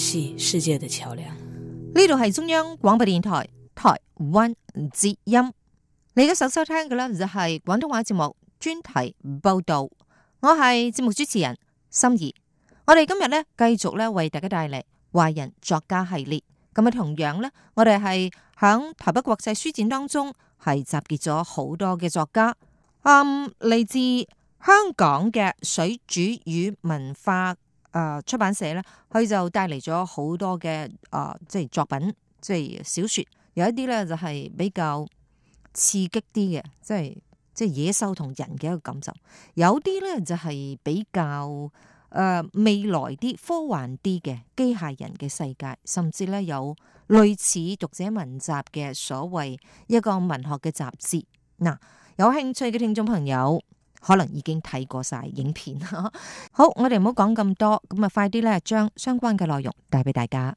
係世界的橋梁，呢度係中央廣播電台台灣之音。你而家收收聽嘅呢就係廣東話節目專題報道，我係節目主持人心儀。我哋今日呢繼續咧為大家帶嚟華人作家系列。咁啊，同樣呢，我哋係響台北國際書展當中係集結咗好多嘅作家，啊、嗯，嚟自香港嘅水煮魚文化。誒、呃，出版社咧，佢就帶嚟咗好多嘅誒、呃，即係作品，即係小說。有一啲咧就係比較刺激啲嘅，即係即係野獸同人嘅一個感受。有啲咧就係比較誒、呃、未來啲科幻啲嘅機械人嘅世界，甚至咧有類似讀者文集嘅所謂一個文學嘅雜誌。嗱，有興趣嘅聽衆朋友。可能已經睇過晒影片啦，好，我哋唔好講咁多，咁啊快啲咧，將相關嘅內容帶俾大家。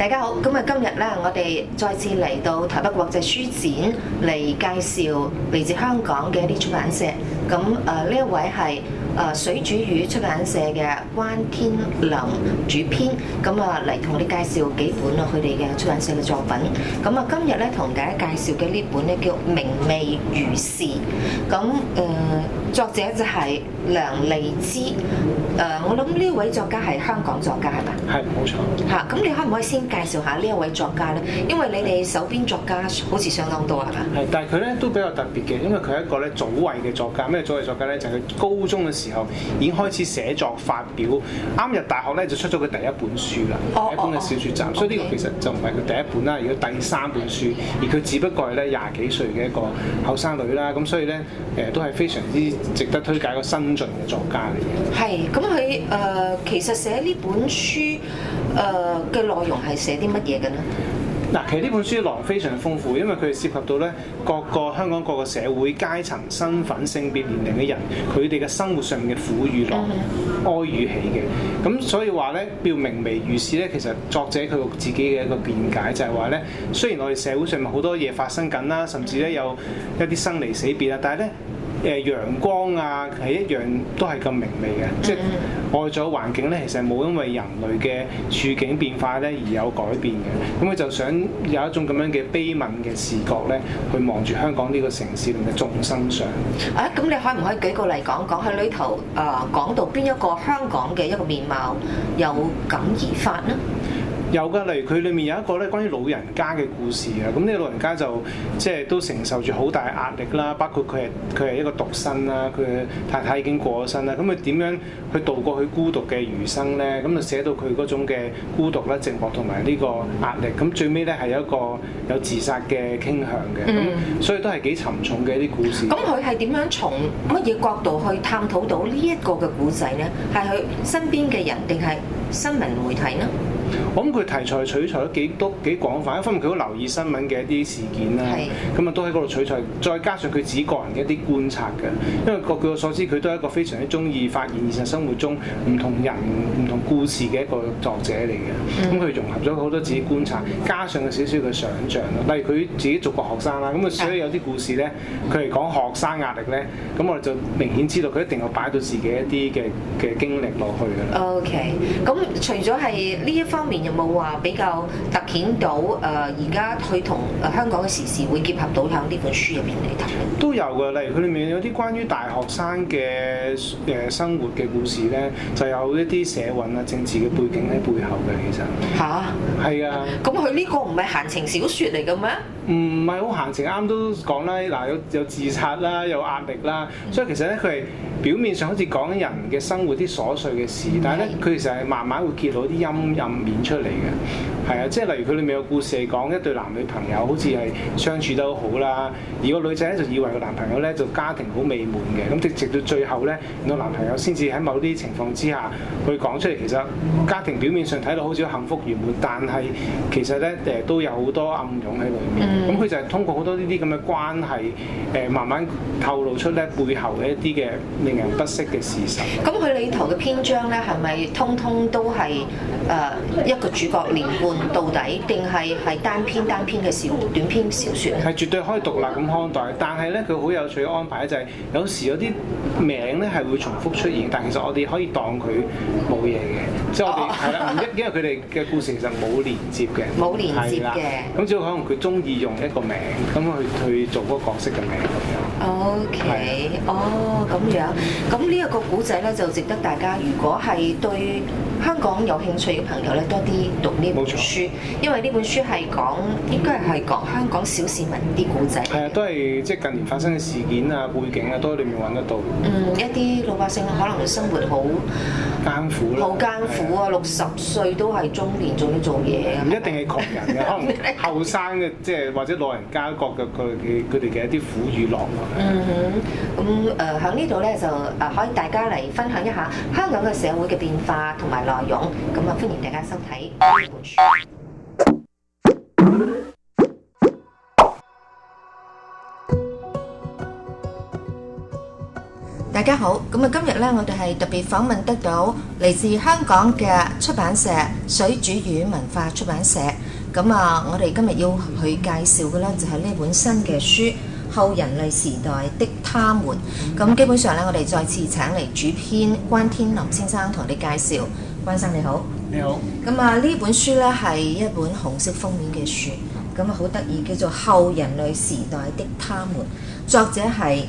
大家好，咁啊今日咧，我哋再次嚟到台北國際書展嚟介紹嚟自香港嘅一啲出版社。咁啊呢一位係啊、呃、水煮魚出版社嘅關天林主編，咁啊嚟同我哋介紹幾本啊佢哋嘅出版社嘅作品。咁啊今日咧同大家介紹嘅呢本咧叫《明媚如是》。咁誒。呃作者就係梁莉姿，誒、呃，我諗呢位作家係香港作家係咪啊？係，冇錯。嚇，咁你可唔可以先介紹下呢一位作家咧？因為你哋手邊作家好似相當多啊，係咪啊？係，但係佢咧都比較特別嘅，因為佢係一個咧早慧嘅作家，咩早慧作家咧就係、是、佢高中嘅時候已經開始寫作發表，啱入大學咧就出咗佢第一本書啦，哦、一本嘅小説集，哦哦、所以呢個其實就唔係佢第一本啦，而係第三本書，哦、而佢只不過係咧廿幾歲嘅一個後生女啦，咁所以咧誒、呃、都係非常之。值得推介一個新進嘅作家嚟嘅，係。咁佢誒，其實寫呢本書，誒、嘅、呃、內容係寫啲乜嘢嘅咧？嗱，其實呢本書嘅內容非常豐富，因為佢涉及到咧各個香港各個社會階層、身份、性別、年齡嘅人，佢哋嘅生活上面嘅苦與樂、mm hmm. 哀與喜嘅，咁所以話咧，表明媚如是咧，其實作者佢自己嘅一個辯解就係話咧，雖然我哋社會上面好多嘢發生緊啦，甚至咧有一啲生離死別啊，但係咧。誒、呃、陽光啊，係一樣都係咁明媚嘅，嗯、即係外在環境咧，其實冇因為人類嘅處境變化咧而有改變嘅。咁佢就想有一種咁樣嘅悲憫嘅視覺咧，去望住香港呢個城市同面眾生相。誒、啊，咁你可唔可以舉個例講講喺裏頭啊、呃，講到邊一個香港嘅一個面貌有感而發呢？有噶，例如佢裏面有一個咧，關於老人家嘅故事啊。咁、那、呢個老人家就即係都承受住好大的壓力啦，包括佢係佢係一個獨身啦，佢太太已經過咗身啦。咁佢點樣去度過佢孤獨嘅餘生咧？咁就寫到佢嗰種嘅孤獨啦、寂寞同埋呢個壓力。咁最尾咧係有一個有自殺嘅傾向嘅，咁、嗯、所以都係幾沉重嘅一啲故事。咁佢係點樣從乜嘢角度去探討到這個故事呢一個嘅故仔咧？係佢身邊嘅人定係新聞媒體呢？我諗佢題材取材都幾都幾廣泛，一方面佢都留意新聞嘅一啲事件啦，咁啊是都喺嗰度取材，再加上佢自己個人嘅一啲觀察嘅。因為據我所知，佢都係一個非常之中意發現現實生活中唔同人唔同故事嘅一個作者嚟嘅。咁佢、嗯、融合咗好多自己觀察，加上佢少少嘅想像。例如佢自己做過學生啦，咁啊所以有啲故事咧，佢係講學生壓力咧，咁我哋就明顯知道佢一定要擺到自己一啲嘅嘅經歷落去㗎喇。OK，咁除咗係呢一方方面有冇話比較突顯到誒而家佢同誒香港嘅時事會結合到喺呢本書入邊嚟睇？都有嘅，例如佢裏面有啲關於大學生嘅誒、呃、生活嘅故事咧，就有一啲社運啊、政治嘅背景喺背後嘅，其實吓，係啊，咁佢呢個唔係閒情小説嚟嘅咩？唔係好行情，啱都講啦。嗱，有有自殺啦，有壓力啦，所以其實咧，佢係表面上好似講緊人嘅生活啲瑣碎嘅事，的但係咧，佢其實係慢慢會揭露啲陰暗面出嚟嘅。係啊，即係例如佢裏面有故事嚟講，一對男女朋友好似係相處得好好啦，而個女仔咧就以為個男朋友咧就家庭好美滿嘅，咁直至到最後咧，原來男朋友先至喺某啲情況之下佢講出嚟，其實家庭表面上睇到好似幸福圓滿，但係其實咧誒、呃、都有好多暗湧喺裏面。咁佢、嗯嗯、就係通過好多呢啲咁嘅關係，誒、呃、慢慢透露出咧背後嘅一啲嘅令人不適嘅事實。咁佢裏頭嘅篇章咧係咪通通都係誒、呃、一個主角連貫？到底定係係單篇單篇嘅小短篇小説咧？係絕對可以獨立咁看待，但係咧佢好有趣嘅安排咧，就係有時有啲名咧係會重複出現，但其實我哋可以當佢冇嘢嘅，即係我哋係啦，因為佢哋嘅故事其實冇連接嘅，冇連接嘅，咁只要可能佢中意用一個名，咁去去做嗰個角色嘅名咁樣。O Okay , K、啊、哦，咁樣，咁呢一個古仔咧就值得大家，如果係對香港有興趣嘅朋友咧，多啲讀呢本書，錯因為呢本書係講，應該係講香港小市民啲古仔。係啊，都係即係近年發生嘅事件啊、背景啊，都喺裏面搵得到。嗯，一啲老百姓可能生活好、啊、艱苦好艱苦啊！六十、啊、歲都係中年做，仲要做嘢。唔一定係窮人嘅， 可能後生嘅，即係或者老人家各各佢佢佢哋嘅一啲苦與樂。嗯哼，咁誒喺呢度咧就誒可以大家嚟分享一下香港嘅社會嘅變化同埋內容，咁啊歡迎大家收睇呢本書。大家好，咁啊今日咧我哋係特別訪問得到嚟自香港嘅出版社水煮魚文化出版社，咁啊我哋今日要去介紹嘅咧就係呢本新嘅書。後人類時代的它們，咁基本上咧，我哋再次請嚟主編關天林先生同你介紹。關生你好，你好。咁好啊，呢本書咧係一本紅色封面嘅書，咁啊好得意，叫做《後人類時代的它們》，作者係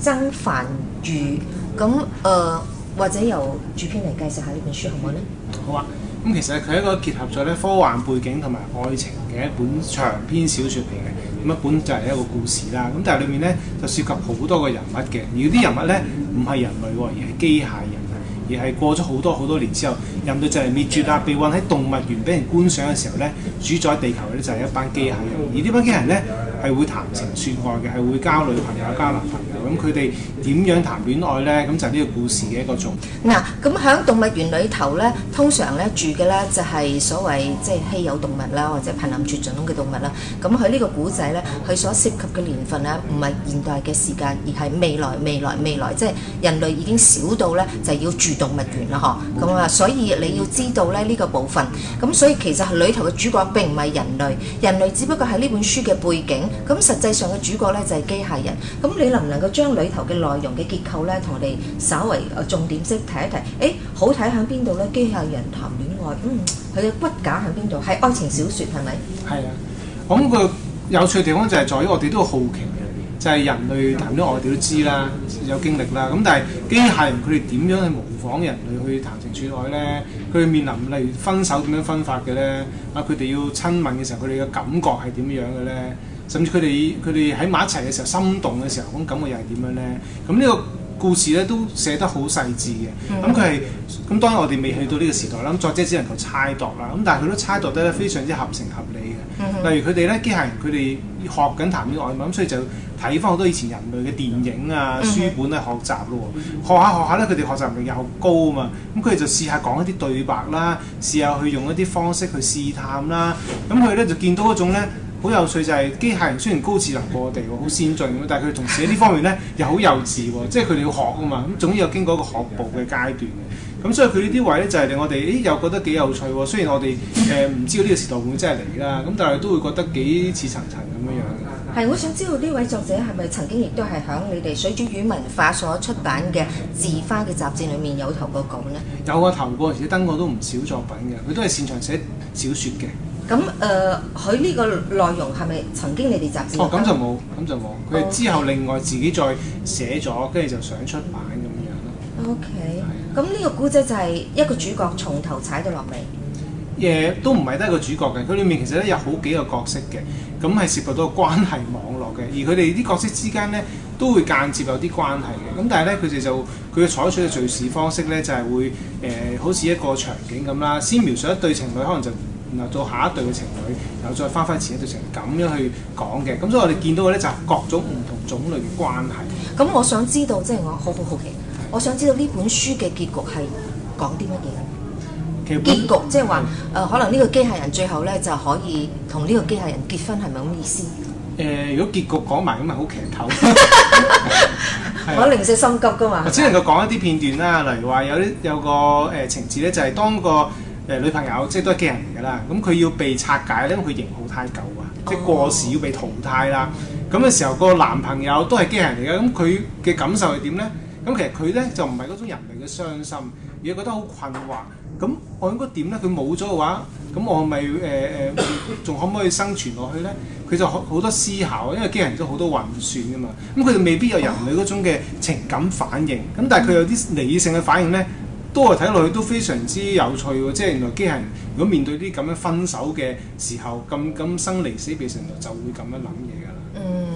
曾繁裕。咁誒、呃，或者由主編嚟介紹下呢本書好唔好咧？好啊。咁其實佢係一個結合咗咧科幻背景同埋愛情嘅一本長篇小說嚟嘅。咁本就係一個故事啦，咁但係裏面咧就涉及好多個人物嘅，而啲人物咧唔係人類喎，而係機械人。而係過咗好多好多年之後，人類就係滅絕啦，被運喺動物園俾人觀賞嘅時候咧，主宰地球嘅咧就係一班機械人。而呢班機械人咧係會談情説愛嘅，係會交女朋友、交男朋友。咁佢哋點樣談戀愛咧？咁就係呢個故事嘅一個重點。嗱，咁喺、啊、動物園裏頭咧，通常咧住嘅咧就係、是、所謂即係、就是、稀有動物啦，或者瀕臨絕種咁嘅動物啦。咁佢呢個古仔咧，佢所涉及嘅年份咧唔係現代嘅時間，而係未來、未來、未來，即、就、係、是、人類已經少到咧就要住。動物園啦，嗬的，咁啊、嗯，所以你要知道咧呢、這個部分，咁所以其實係裏頭嘅主角並唔係人類，人類只不過係呢本書嘅背景，咁實際上嘅主角咧就係、是、機械人，咁你能唔能夠將裏頭嘅內容嘅結構咧同我哋稍為誒重點式睇一睇，誒、欸，好睇喺邊度咧？機械人談戀愛，嗯，佢嘅骨架喺邊度？係愛情小說係咪？係啊，咁個有趣嘅地方就係在於我哋都好奇。就係人類談咗外調都知啦，有經歷啦。咁但係機械人佢哋點樣去模仿人類去談情説愛咧？佢哋面臨例如分手點樣分法嘅咧？啊，佢哋要親吻嘅時候，佢哋嘅感覺係點樣嘅咧？甚至佢哋佢哋喺埋一齊嘅時候，心動嘅時候咁感覺又係點樣咧？咁呢個故事咧都寫得好細緻嘅，咁佢係咁，當然我哋未去到呢個時代啦，嗯、作者只能夠猜度啦，咁但係佢都猜度得咧非常之合情合理嘅。嗯嗯、例如佢哋咧，機械人佢哋學緊談呢個外文，咁所以就睇翻好多以前人類嘅電影啊、嗯、書本咧學習咯，學下、嗯、學下咧佢哋學習能力又高啊嘛，咁佢哋就試下講一啲對白啦，試下去用一啲方式去試探啦，咁佢咧就見到嗰種咧。好有趣就係機械人雖然高智能過我哋喎，好先進咁，但係佢同時喺呢方面咧又好幼稚喎，即係佢哋要學啊嘛。咁總之有經過一個學步嘅階段嘅。咁所以佢呢啲位咧就係令我哋，咦、欸、又覺得幾有趣喎。雖然我哋誒唔知道呢個時代會唔會真係嚟啦，咁但係都會覺得幾似層層咁樣樣。係，我想知道呢位作者係咪曾經亦都係響你哋水煮魚文化所出版嘅《字花》嘅雜誌裡面有投過稿咧？有啊，投過而且登過都唔少作品嘅，佢都係擅長寫小説嘅。咁誒，佢呢、呃、個內容係咪曾經你哋雜誌？哦，咁就冇，咁就冇。佢之後另外自己再寫咗，跟住 Okay. 就想出版咁樣咯。O K. 咁呢個古仔就係一個主角從頭踩到落嚟，誒，yeah, 都唔係得一個主角嘅，佢裏面其實咧有好幾個角色嘅，咁係涉及到個關係網絡嘅。而佢哋啲角色之間咧都會間接有啲關係嘅。咁但係咧，佢哋就佢採取嘅敘事方式咧，就係、是、會、呃、好似一個場景咁啦，先描述一對情侶，可能就。然後做下一對嘅情侶，然後再返返前一對情侶，咁樣去講嘅。咁所以我哋見到嘅咧就各種唔同種類嘅關係。咁我想知道，即、就、係、是、我好好好奇，的我想知道呢本書嘅結局係講啲乜嘢？結局，結局的即係話，誒、呃、可能呢個機械人最後咧就可以同呢個機械人結婚，係咪咁意思？誒、呃，如果結局講埋咁咪好劇透，我零舍心急噶嘛。只能夠講一啲片段啦，例如話有啲有個誒、呃、情節咧，就係、是、當個。誒、呃、女朋友即係都係機人嚟㗎啦，咁、嗯、佢要被拆解因為佢型號太舊啊，即係過時要被淘汰啦。咁嘅、oh. 時候個男朋友都係機人嚟嘅，咁佢嘅感受係點咧？咁、嗯、其實佢咧就唔係嗰種人類嘅傷心，而係覺得好困惑。咁、嗯、我應該點咧？佢冇咗嘅話，咁、嗯、我咪誒誒，仲、呃呃、可唔可以生存落去咧？佢就好好多思考，因為機人都好多運算㗎嘛。咁佢哋未必有人類嗰種嘅情感反應，咁但係佢有啲理性嘅反應咧。嗯都係睇落去都非常之有趣喎，即係原來機械人如果面對啲咁樣分手嘅時候，咁咁生離死別成就會咁樣諗嘢㗎喇。嗯，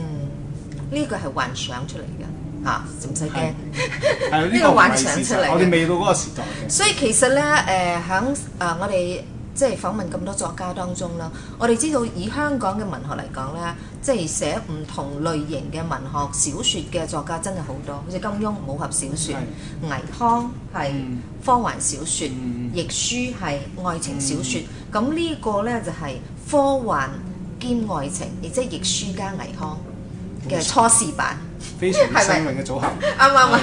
呢、這個係幻想出嚟嘅，嚇、啊，唔使驚，呢個幻想出嚟。我哋未到嗰個時代嘅。所以其實咧，誒、呃，響誒、呃、我哋。即係訪問咁多作家當中啦，我哋知道以香港嘅文學嚟講咧，即係寫唔同類型嘅文學小説嘅作家真係好多，好似金庸武俠小説，倪匡係科幻小説，亦舒係愛情小説。咁呢個咧就係科幻兼愛情，亦即係亦舒加倪匡嘅初試版，非常新穎嘅組合，啱唔啱？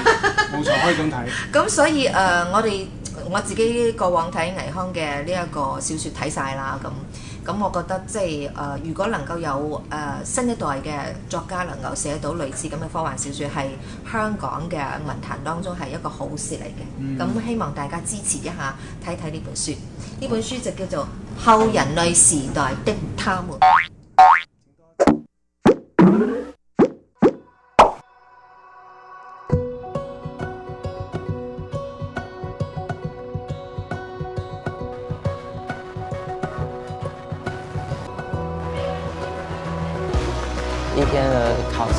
冇錯，可以咁睇。咁所以誒，我哋。我自己過往睇倪匡嘅呢一個小説睇晒啦，咁咁我覺得即係誒，如果能夠有誒、呃、新一代嘅作家能夠寫到類似咁嘅科幻小説，係香港嘅文壇當中係一個好事嚟嘅。咁、嗯、希望大家支持一下，睇睇呢本書。呢本書就叫做《後人類時代的它們》。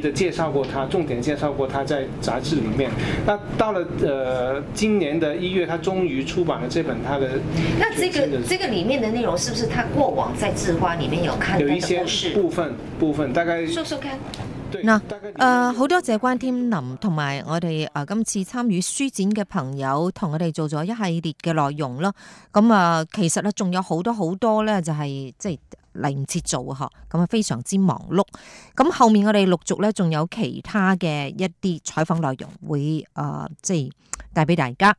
的介紹過他，重點介紹過他在雜誌裏面。那到了，呃，今年的一月，他終於出版了這本他的，的。那這個這個裏面的內容，是不是他過往在《字花》裏面有看到的故事？部分部分，大概。說說看。對。那，呃，好多謝關天林同埋我哋，呃，今次參與書展嘅朋友，同我哋做咗一系列嘅內容咯。咁、嗯、啊，其實呢、就是，仲有好多好多呢，就係即係。嚟唔切做嗬，咁啊非常之忙碌。咁後面我哋陸續咧，仲有其他嘅一啲採訪內容會，即係帶俾大家。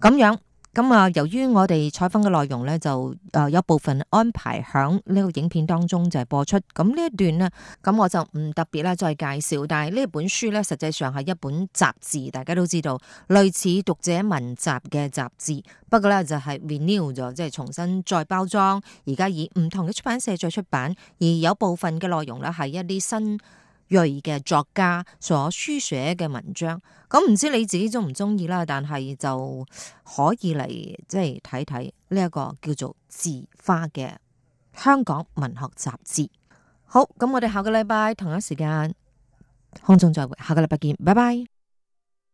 咁樣。咁啊，由於我哋採訪嘅內容咧，就誒有部分安排響呢個影片當中就係播出。咁呢一段呢，咁我就唔特別咧再介紹。但係呢本書咧，實際上係一本雜誌，大家都知道類似讀者文集嘅雜誌。不過咧就係 renew 咗，即係重新再包裝，而家以唔同嘅出版社再出版。而有部分嘅內容咧係一啲新銳嘅作家所書寫嘅文章，咁唔知你自己中唔中意啦，但係就可以嚟即係睇睇呢一個叫做《字花》嘅香港文學雜誌。好，咁我哋下個禮拜同一時間空中再會，下個禮拜見，拜拜。